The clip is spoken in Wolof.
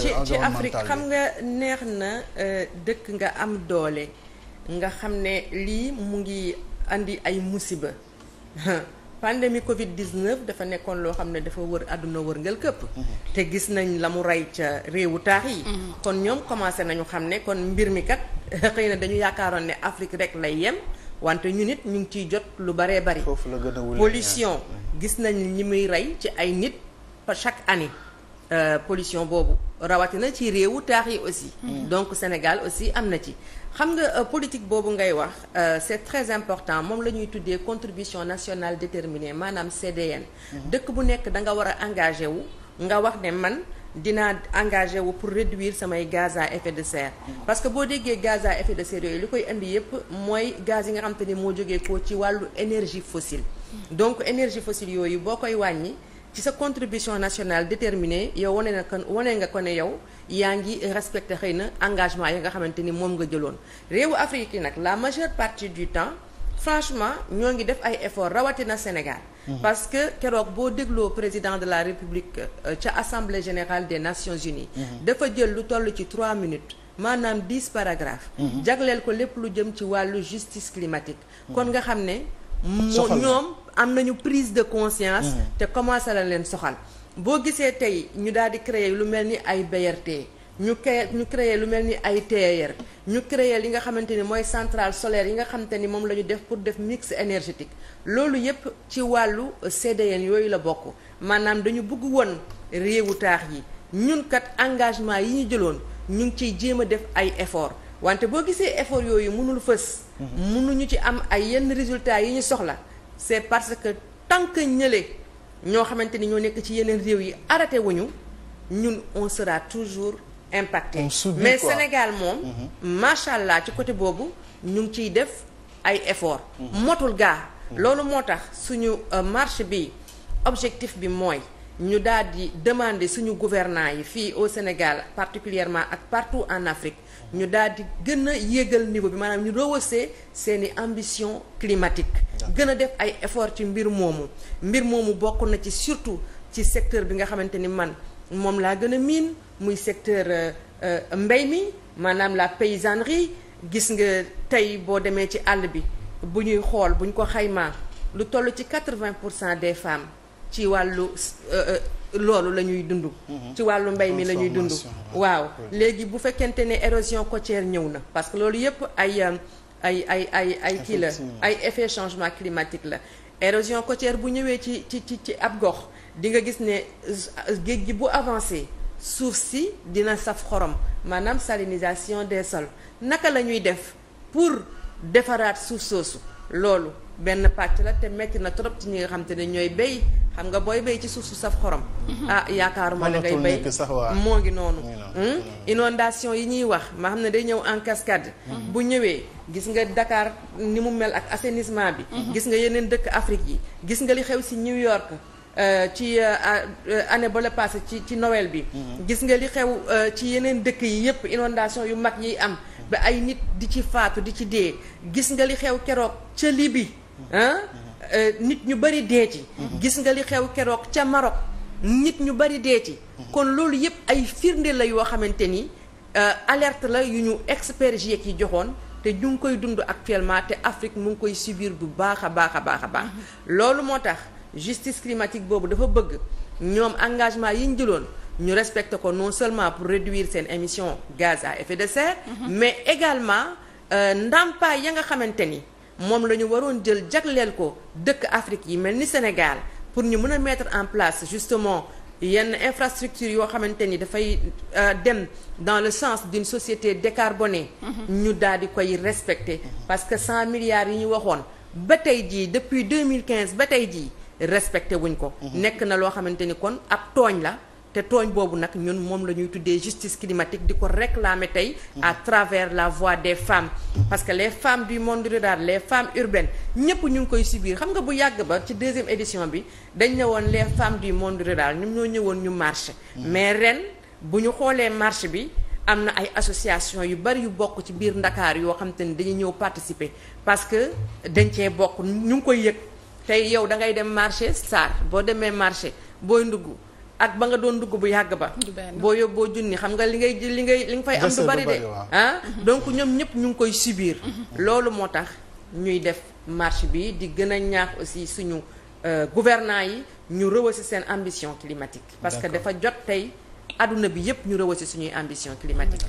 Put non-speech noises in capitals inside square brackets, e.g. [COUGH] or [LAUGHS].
ci ci Afrique xam nga neex na euh, dëkk nga am doole nga xam ne lii mu ngi andi ay musiba [LAUGHS] pandémie Covid 19 dafa nekkoon loo xam ne dafa wër àdduna wërngal këpp. Mhm. te gis nañ la mu rey ca réewu taax yi. Mhm. kon ñoom commencé nañu xam ne kon mbir mi kat [LAUGHS] xëy na dañu yaakaaroon ne Afrique rek lay yem. wante ñu nit ñu ngi ciy jot lu baree bari. foofu la gën gis nañ ñi muy rey ci ay nit chaque année. Euh, pollution boobu rawatina ci réewu taax yi aussi. Mm-hmm. donc Sénégal aussi am na ci. xam nga euh, politique boobu ngay wax euh, c'est très important moom la ñuy tuddee contribution nationale déterminée maanaam CDN. Mm-hmm. dëkk bu nekk da nga war a engagé wu nga wax ne man. dinaa engagé wu pour réduire samay gaz à effet de serre mm-hmm. parce que boo déggee gaz à effet de serre yooyu li koy indi yépp mooy gaz yi nga xam te ni moo jógee ko ci wàllu énergie fossile donc énergie fossile yooyu boo koy wàññi ci sa contribution nationale déterminée yow wane na ko wane nga ko ne yow yaa ngi respecté xëy na engagement yi nga xamante ni moom nga jëloon réewu Afrique yi nag la majeure partie du temps franchement ñoo ngi def ay efforts rawatina Sénégal mhm. parce que keroog boo dégloo président de la République euh, ca assemblée générale des Nations Unies mhm. dafa jël lu toll ci trois minutes maanaam dix paragraphes mhm. jagleel ko lépp lu jëm ci wàllu justice climatique kon nga xam ne soxal ñoom am nañu prise de conscience. Mm-hmm. te commencé la leen soxal. boo gisee tey ñu daal di créer lu mel ni ay BRT ñu créer ñu créer lu mel ni ay TER ñu créer li nga xamante ni mooy central solaire yi nga xamante ni moom la ñu def pour def mix énergétique loolu yépp ci wàllu CDN yooyu la bokk maanaam dañu bëgg woon réewu taax yi ñun kat engagement yi ñu jëloon ñu ngi ciy jéem a def ay effort wante boo gisee effort yooyu mënul fës. mënuñu ci am ay yenn résultats yi ñu soxla c'est parce que tant que ñële ñoo xamante ni ñoo nekk ci yeneen réew yi arrêté ñu ñun on sera toujours impacté. mais quoi. Sénégal moom. Mhm. macha allah ci côté boobu ñu ngi ciy def ay effort mhm. motul gaa. Mhm. loolu moo tax suñu euh, marche bi objectif bi mooy. ñu daal di demander suñu gouvernants yi fii au Sénégal particulièrement ak partout en Afrique ñu daal di gën a yéegal niveau bi maanaam ñu rehausser seeni ambition climatique gën a def ay effort ci mbir moomu mbir moomu bokk na ci surtout ci secteur bi nga xamante ni man moom laa gën a miin muy secteur euh, euh, mbay mi maanaam la paysannerie gis nga tey boo demee ci àll bi bu ñuy xool bu ko xaymaa lu toll ci quatre-vingt pour cent des femmes ci wàllu euh, euh, loolu la ñuy dund mhm. ci wàllu mbay mi la ñuy dund waaw léegi bu fekkente ne érosion côtière ñëw na parce que loolu yëpp ay euh, ay ay ay ay kii la ay effet changement climatique la érosion côtière bu ñëwee ci ci ci ci ab gox di nga gis ne géej gi bu avancé suuf si dina saf xorom maanaam salinisation des sols naka la ñuy def pour defaraat suuf soosu loolu benn pàcc la te metti na trop ci ñi nga xam te ne ñooy béy xam nga booy béy ci suuf su saf xorom. Mhm. ah yaakaaruma ne ngay béy moo ngi noonu. Hmm? inondation yi ñuy wax ma xam ne day ñëw en cascade. Mhm. bu ñëwee gis nga dakaar ni mu mel ak assainissement bi. Mhm. gis nga yeneen dëkk Afrique yi gis nga li xew si New York. Euh, ci euh, euh, année ba la passé ci ci Noël bi gis nga li xew ci yeneen dëkk yi yëpp inondation yu mag yi am ba ay nit di ci faatu di ci dee gis nga li xew keroog ca Libye ah nit ñu bari dee ci gis nga li xew keroog ca Maroc nit ñu bari dee ci kon loolu yëpp ay firnde la yoo xamante ni euh, alerte la yu ñu expert GIEC yi joxoon te ju ngi koy dund actuellement te Afrique mu ngi koy subir bu baax a baax a baax a baax loolu moo tax justice climatique boobu dafa bëgg ñoom engagement yi ñu jëloon ñu respecté ko non seulement pour réduire seen émission gaz à effet de serre mhm. mais également euh, ndàmpaay ya nga xamante ni moom la ñu waroon jël jagleel ko dëkk Afrique yi mel ni Sénégal pour ñu mën a mettre en place justement yenn infrastructure yoo xamante ni dafay euh, dem dans le sens d'une société décarbonée. Mhm. ñu daal di koy respecter. parce que cent milliards yi ñu waxoon ba tey jii depuis 2015 ba tey jii respecté wuñ ko. Mhm. nekk na loo xamante ni kon ab tooñ la. te tooñ boobu nag ñun moom la ñuy tuddee justice climatique di ko réclamer tey à travers la voix des femmes parce que les femmes du monde rural les femmes urbaines ñëpp ñu ngi koy subir xam nga bu yàgg ba ci deuxième édition bi dañ ne woon les femmes du monde rural ñoom ñoo ñëwoon ñu marché mais ren bu ñu xoolee marché bi am na ay association yu bari yu bokk ci biir Ndakaar yoo xam te ne dañuy ñëw participer parce que dañ cee bokk ñu ngi koy yëg tey yow da ngay dem marché Sarr boo demee marché booy ndugg ak ba nga doon dugg bu yàgg ba boo yóbboo junni xam nga li ngay li ngay li nga fay am du bari de ah donc ñoom ñëpp ñu ngi koy subir loolu moo tax ñuy def marche bi di gën a ñaax aussi suñu euh, gouvernants yi ñu rëwasi seen ambition climatique parce que dafa jot tey àdduna bi yëpp ñu rëwasi suñuy ambition climatique